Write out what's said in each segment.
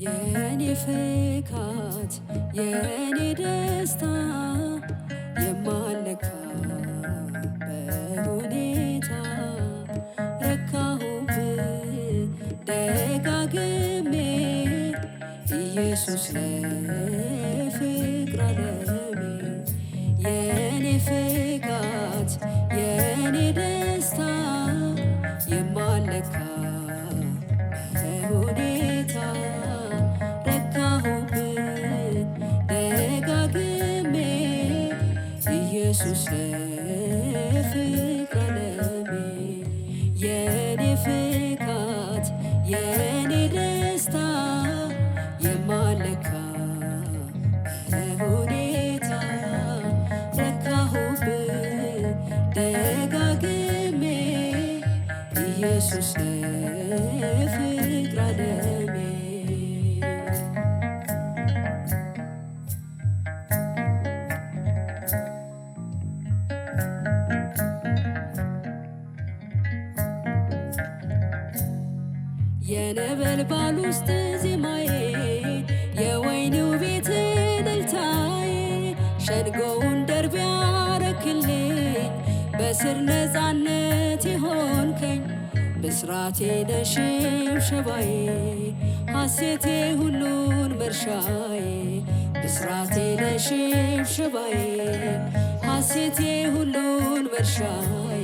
የኔ ፍካት የኔ ደስታ የማለካ በሁኔታ ረካሁብ ደጋግሜ ኢየሱስ ለፍቅር አለ ኢየሱስ ፍቅር ዓለሜ የኔ ፍካት የኔ ደስታ የማለካ ሁኔታ ረካሁብ ደጋግሜ ኢየሱስ ፍቅር ዓለሜ የነበልባል ውስጥ ዜማዬ የወይኒው ቤት እልልታዬ ሸንጎውን ደርብ ያረክልኝ በስር ነፃነት የሆንከኝ ብስራቴ ሐሴቴ ሁሉን መርሻዬ ብስራቴ ሐሴቴ ሁሉን መርሻዬ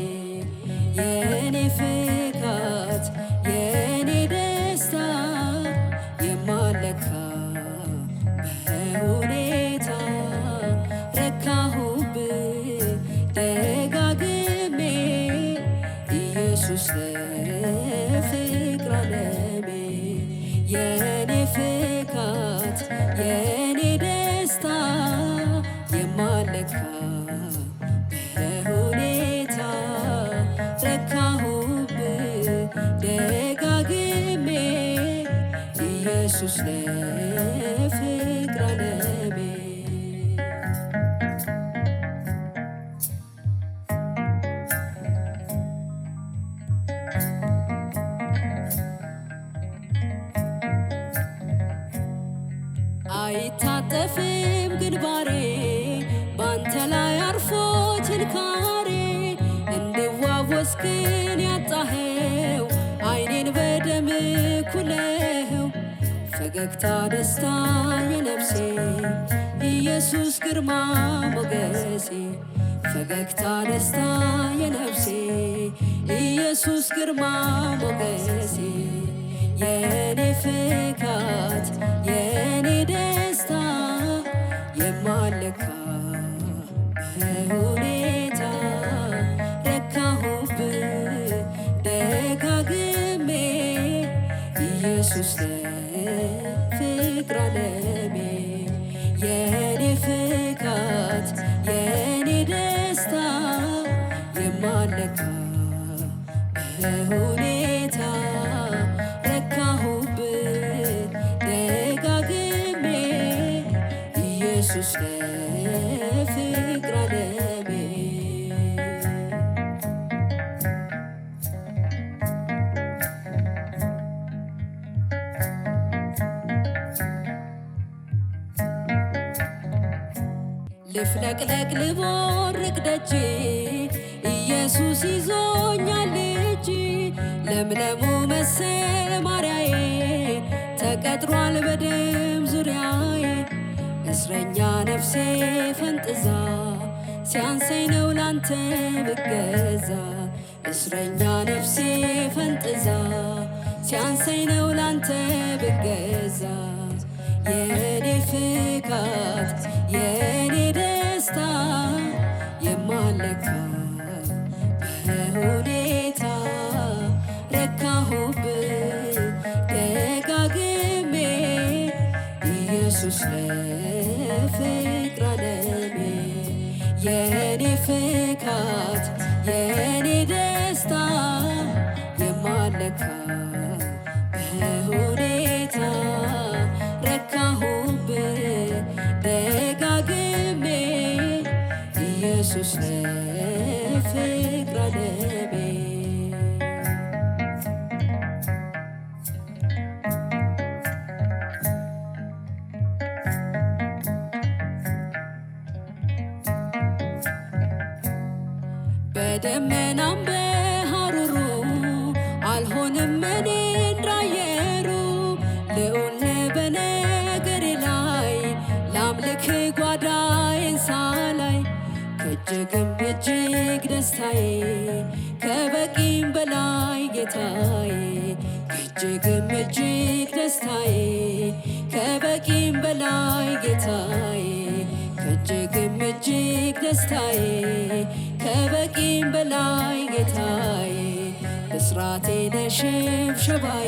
የኔ ኢየሱስ ፍቅር ዓለሜ የኔ ፍካት የኔ ደስታ የማለካ በሁኔታ ረካሁብ ደጋግሜ ኢየሱስ አይታጠፍም ግንባሬ ባንተ ላይ አርፎ ችንካሬ እንድዋወስ ግን ያጣኸው አይኔን በደም ኩለኸው ፈገግታ ደስታ የነፍሴ ኢየሱስ ግርማ ሞገሴ ፈገግታ ደስታ የነፍሴ ኢየሱስ ግርማ ሞገሴ የኔ ፍካት የኔ ለካ በሁኔታ ረካሁብ ደጋግሜ ኢየሱስ ፍቅር አለ ኢየሱስ ልፍለቅለቅ ልቦርቅ ደጅ ኢየሱስ ይዞኛል እጅ ለምለሙ መሰማሪያዬ ተቀጥሯል በደ እስረኛ ነፍሴ ፈንጥዛ ሲያንሰኝ ነው ላንተ ብገዛ እስረኛ ነፍሴ ፈንጥዛ ሲያንሰኝ ነው ላንተ ብገዛ የኔ ፍካት የኔ ደስታ የማለካ በሁኔታ ረካሁብ ደጋግሜ ኢየሱስ ፍቅር ፍካት የኔ ደስታ የማለካ በሁኔታ ኢየሱስ ፍቅር አለ በደመናም በሐሩሩ አልሆንም እኔ እንዳየሩ ልዑል በነገሬ ላይ ላምልክ ጓዳዬን ሳላይ ከእጅግም እጅግ ደስታዬ ከበቂም በላይ ጌታዬ ከእጅግም እጅግ ደስታዬ ከበቂም በላይ ጌታዬ ከእጅግም እጅግ ደስታዬ ከበቂም በላይ ጌታዬ ብስራቴ ነሽብሸባዬ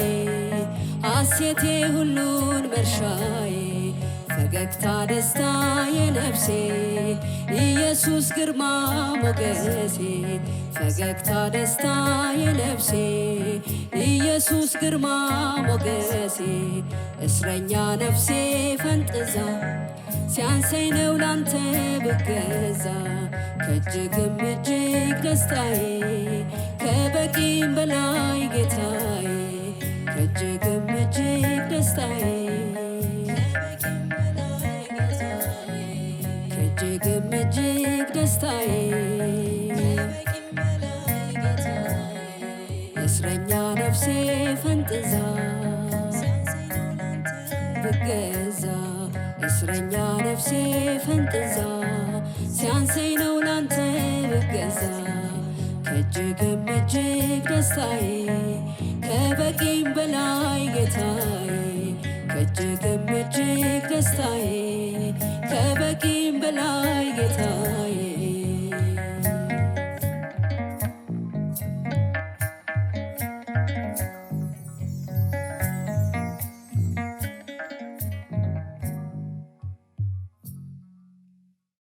አሴቴ ሁሉን መርሻዬ ፈገግታ ደስታ የነፍሴ ኢየሱስ ግርማ ሞገሴ ፈገግታ ደስታ የነፍሴ ኢየሱስ ግርማ ሞገሴ እስረኛ ነፍሴ ፈንጥዛ ሲያንሰኝ ነው ላንተ ብገዛ ከእጅግም እጅግ ደስታዬ ከበቂም በላይ ጌታዬ ከእጅግም እጅግ ደስታዬ ብገዛ እስረኛ ነፍሴ ፈንጥዛ ሲያንሰኝ ነው ላንተ ብገዛ ከእጅግም እጅግ ደስታዬ ከበቂም በላይ ጌታዬ ከእጅግም እጅግ ደስታዬ ከበቂም በላይ ጌታዬ